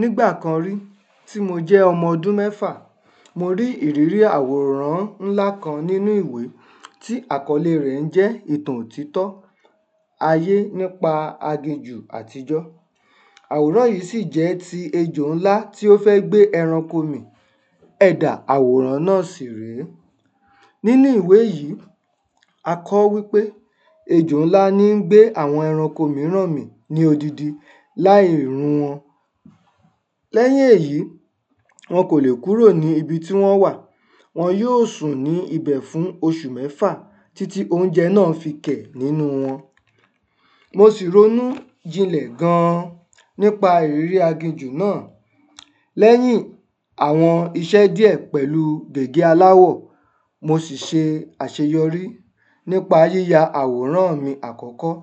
Nígbà kan rí tí mo jẹ́ ọmọ ọdún mẹ́fà, mo rí ìrírí àwòrán ńlá kan nínú ìwé tí àkọlé rẹ̀ ń jẹ́ Ìtàn Òtítọ́ Ayé nípa Aginjù Àtijọ́. Àwòrán yìí sì jẹ́ ti ejò ńlá tí ó fẹ́ gbé ẹranko mì, ẹ̀dà àwòrán náà sì rèé. Nínú ìwé yìí, a kọ́ wípé ejò ńlá ní ń gbé àwọn ẹranko mìíràn mì ní odidi láì run wọn. Lẹ́yìn èyí, wọn kò lè kúrò ní ibi tí wọ́n wà, wọn yóò sùn ní ibẹ̀ fún oṣù mẹ́fà títí oúnjẹ náà fi kẹ̀ nínú wọn. Mo sì ronú jinlẹ̀ gan-an nípa ìrírí aginjù náà. Lẹ́yìn àwọn iṣẹ́ díẹ̀ pẹ̀lú gègé aláwọ̀, mo sì ṣe àṣeyọrí nípa yíya àwòrán mi àkọ́kọ́.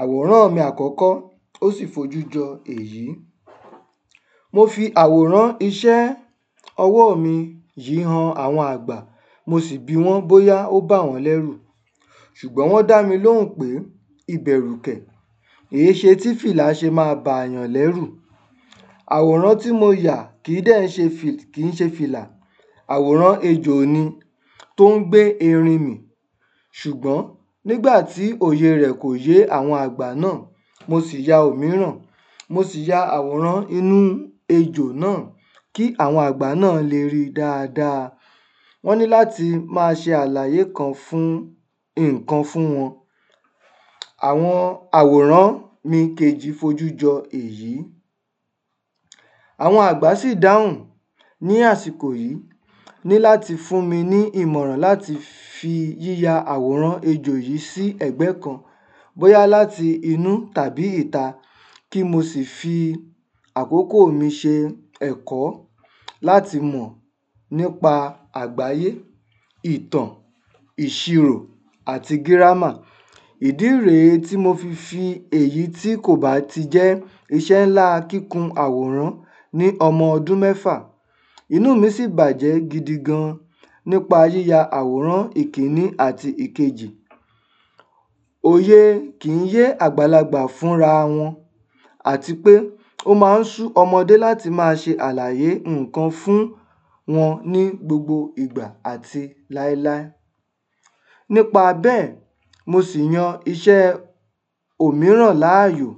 Àwòrán mi àkọ́kọ́ ó sì fojú jọ èyí. Mo fi àwòrán iṣẹ́ ọwọ́ mi yìí han àwọn àgbà mo sì bi wọ́n bóyá ó bà wọ́n lẹ́rù. Ṣùgbọ́n wọ́n dá mi lóhùn pé ìbẹ̀rù kẹ̀! Èé ṣe tí fìlà ṣe máa bààyàn lẹ́rù. Àwòrán tí mo yà kì í dẹ̀ ń ṣe kì í ṣe fìlà. Àwòrán ejò ni tó ń gbé erin mì. Ṣùgbọ́n nígbà tí òye rẹ̀ kò yé àwọn àgbà náà, mo sì ya òmíràn. Mo sì ya àwòrán inú ejò náà kí àwọn àgbà náà lè rí i dáadáa. Wọ́n ní láti máa ṣe àlàyé kan fún nǹkan fún wọn. Àwọn àwòrán mi kejì fojú jọ èyí. Àwọn àgbà sì dáhùn ní àsìkò yìí ní láti fún mi ní ìmọ̀ràn láti fi yíya àwòrán ejò yìí sí ẹ̀gbẹ́ kan bóyá láti inú tàbí ìta kí mo sì fi àkókò mi ṣe ẹ̀kọ́ láti mọ̀ nípa àgbáyé, ìtàn, ìṣirò àti gírámà. Ìdí rèé tí mo fi fi èyí tí kò bá ti jẹ́ iṣẹ́ ńlá kíkun àwòrán ní ọmọ ọdún mẹ́fà. Inú mi sì bàjẹ́ gidi gan nípa yíya àwòrán ìkíní àti ìkejì. Òye kì yé àgbàlagbà fúnra wọn àti pé Ó máa ń sú ọmọdé láti máa ṣe àlàyé nǹkan fún wọn ní gbogbo ìgbà àti láéláé. Nípa bẹ́ẹ̀, mo sì yan iṣẹ́ òmíràn láàyò.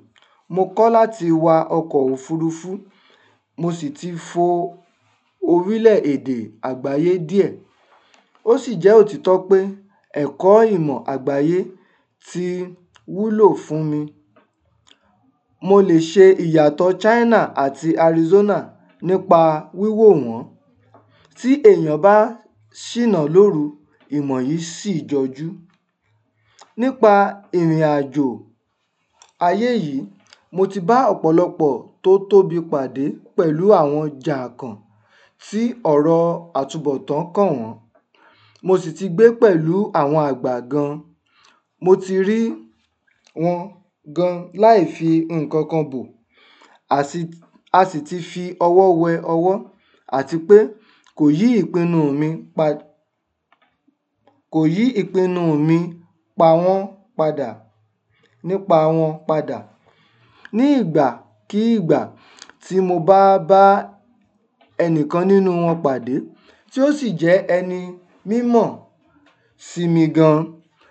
Mo kọ́ láti wa ọkọ̀ òfuurufú, mo sì ti fo orílẹ̀-èdè àgbáyé díẹ̀. Ó sì jẹ́ òtítọ́ pé ẹ̀kọ́ ìmọ̀ àgbáyé ti wúlò fún mi mo lè ṣe ìyàtọ̀ China àti Arizona nípa wíwò wọ́n. Tí èèyàn bá ṣìnà lóru, ìmọ̀ yìí sì jọjú. Nípa ìrìnàjò ayé yìí, mo ti bá ọ̀pọ̀lọpọ̀ tó tóbi pàdé pẹ̀lú àwọn jàǹkàn tí ọ̀rọ̀ àtúbọ̀tán kàn wọ́n. Mo sì ti gbé pẹ̀lú àwọn àgbà gan. Mo ti rí wọn gan láì fi nǹkan kan bò a sì ti fi ọwọ́ wẹ ọwọ́ àti pé kò yí ìpinnu mi pa kò yí ìpinnu mi pa wọ́n padà nípa wọn padà. Ní ìgbàkígbà tí mo bá bá ẹnìkan nínú wọn pàdé tí ó sì jẹ́ ẹni mímọ̀ sí mi gan,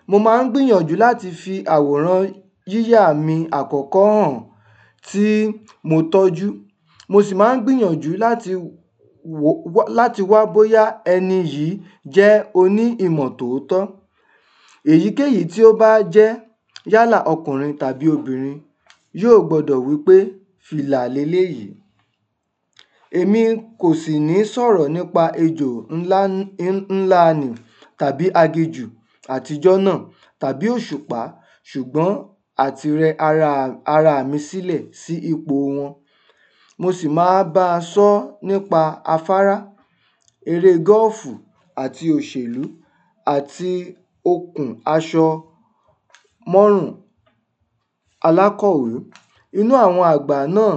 mo máa ń gbìyànjú láti fi àwòrán yíyà mi àkọ́kọ́ hàn tí mo tọ́jú. Mo sì máa ń gbìyànjú láti wò, láti wá bóyá ẹni yìí jẹ́ oní ìmọ̀ tòótọ́. Èyíkéyìí tí ó bá jẹ́ yálà ọkùnrin tàbí obìnrin, yóò gbọdọ̀ wí pé fìlà léleyìí. Èmi kò sì ní sọ̀rọ̀ nípa ejò ńlá, ńlá nì tàbí aginjù àtijọ́ náà tàbí òṣùpá, ṣùgbọ́n àti rẹ ara, ara mi sílẹ̀ sí ipò wọn. Mo sì máa bá a sọ́ nípa afárá, eré gọ́ọ̀fù àti òṣèlú àti okùn aṣọ mọ́rùn alákọ̀wé. Inú àwọn àgbà náà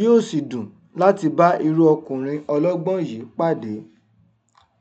yóò sì dùn láti bá irú ọkùnrin ọlọ́gbọ́n yìí pàdé.